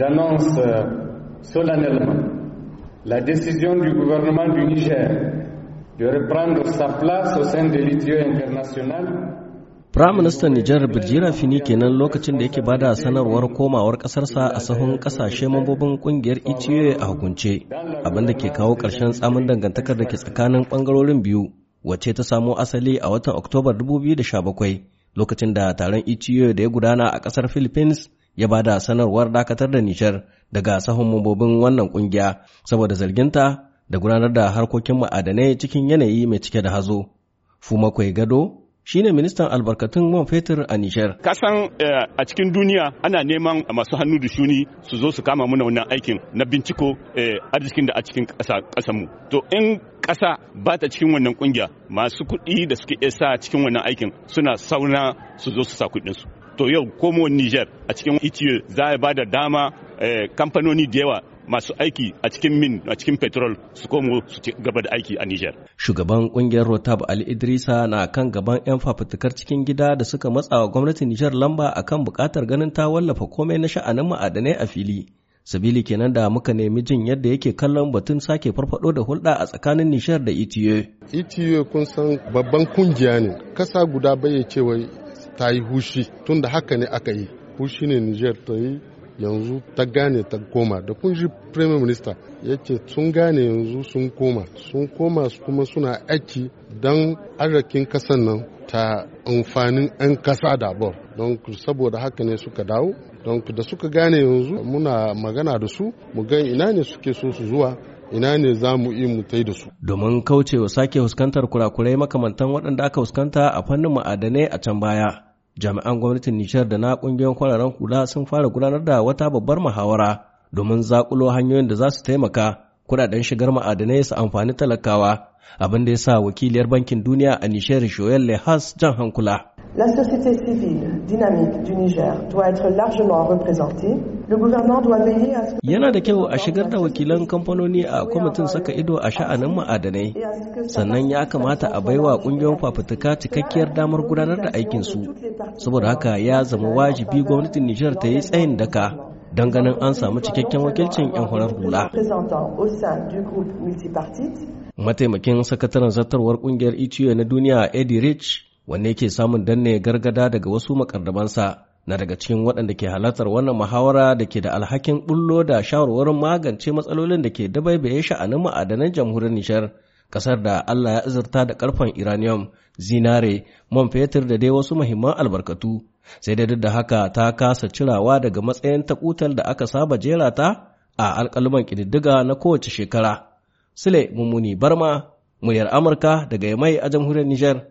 j'annonce euh, solennellement la décision du gouvernement du Niger de reprendre sa place au sein de l'ITIO international Firaministan Nijar Birjira Fini kenan lokacin da yake bada sanarwar komawar kasarsa a sahun kasashe mambobin kungiyar ETA a hukunce, abinda ke kawo ƙarshen tsamin dangantakar da ke tsakanin ɓangarorin biyu, wacce ta samo asali a watan Oktobar 2017 lokacin da taron ETA da ya gudana a ƙasar Philippines ya ba da sanarwar dakatar da Nijar daga sahun mambobin wannan kungiya saboda zarginta da gudanar da harkokin ma'adanai cikin yanayi mai cike da hazo. Fumakwai Gado shine ministan albarkatun man fetur a Nijar. Kasan eh, a cikin duniya ana neman masu hannu da shuni su zo su kama muna wannan aikin na binciko eh, arzikin da a cikin mu To in ƙasa ba ta cikin wannan kungiya masu kuɗi da suke iya sa cikin wannan aikin suna sauna su zo su sa kuɗinsu. to yau komo Niger a cikin itiyo za a ba da dama eh, kamfanoni da yawa masu aiki a cikin min a cikin petrol su komo su gaba da aiki a Niger. Shugaban kungiyar Rotab Ali Idrisa na kan gaban 'yan fafutukar cikin gida da suka matsa wa gwamnatin Niger lamba akan bukatar ganin ta wallafa komai na sha'anin ma'adanai a fili. Sabili kenan da muka nemi jin yadda yake kallon batun sake farfado da hulɗa a tsakanin Nishar da ETA. ETA kun san babban kungiya ne, kasa guda bai cewa ta yi hushi tunda haka ne aka yi hushi ne niger ta yi yanzu ta gane ta koma da kun ji premier minister ya ce sun gane yanzu sun koma sun koma kuma suna aiki don arzikin kasan nan ta amfanin 'yan kasa da bor don saboda haka ne suka dawo don da suka gane yanzu muna magana da su mu ga ina ne suke so su zuwa ina ne za mu yi mu da su. Domin kaucewa sake fuskantar kurakurai makamantan waɗanda aka fuskanta a fannin ma'adanai a can baya. jami'an gwamnatin nishar da na kungiyoyin kwararen kula sun fara gudanar da wata babbar muhawara domin zakulo hanyoyin da za su taimaka kudaden shigar ma'adanai su amfani talakawa abin da ya sa wakiliyar bankin duniya a nishar shoyal lehas jan hankula La société civile dynamique du Niger doit être largement représentée. Yana da kyau a shigar da wakilan kamfanoni a kwamitin saka ido a sha'anin ma'adanai, sannan ya kamata a baiwa ƙungiyar fafutuka cikakkiyar damar gudanar da aikinsu. Saboda haka ya zama wajibi gwamnatin Nijar ta yi tsayin daka don ganin an samu cikakken wakilcin 'yan horar hula. Mataimakin sakataren zartarwar ƙungiyar itiyo e na duniya Eddie Rich wanne yake samun danne gargada daga wasu makardamansa na daga cikin waɗanda ke halartar wannan muhawara da ke da alhakin bullo da shawarwarin magance matsalolin da ke dabaibaye sha'anin ma'adanan jamhuriyar Nishar kasar da Allah ya azurta da karfan uranium zinare man fetur da dai wasu muhimman albarkatu sai da duk da haka ta kasa cirawa daga matsayin takutal da aka saba jera ta a alƙaluman kididdiga na kowace shekara. Sule Mummuni Barma, muryar Amurka daga Yamai a jamhuriyar Nijar.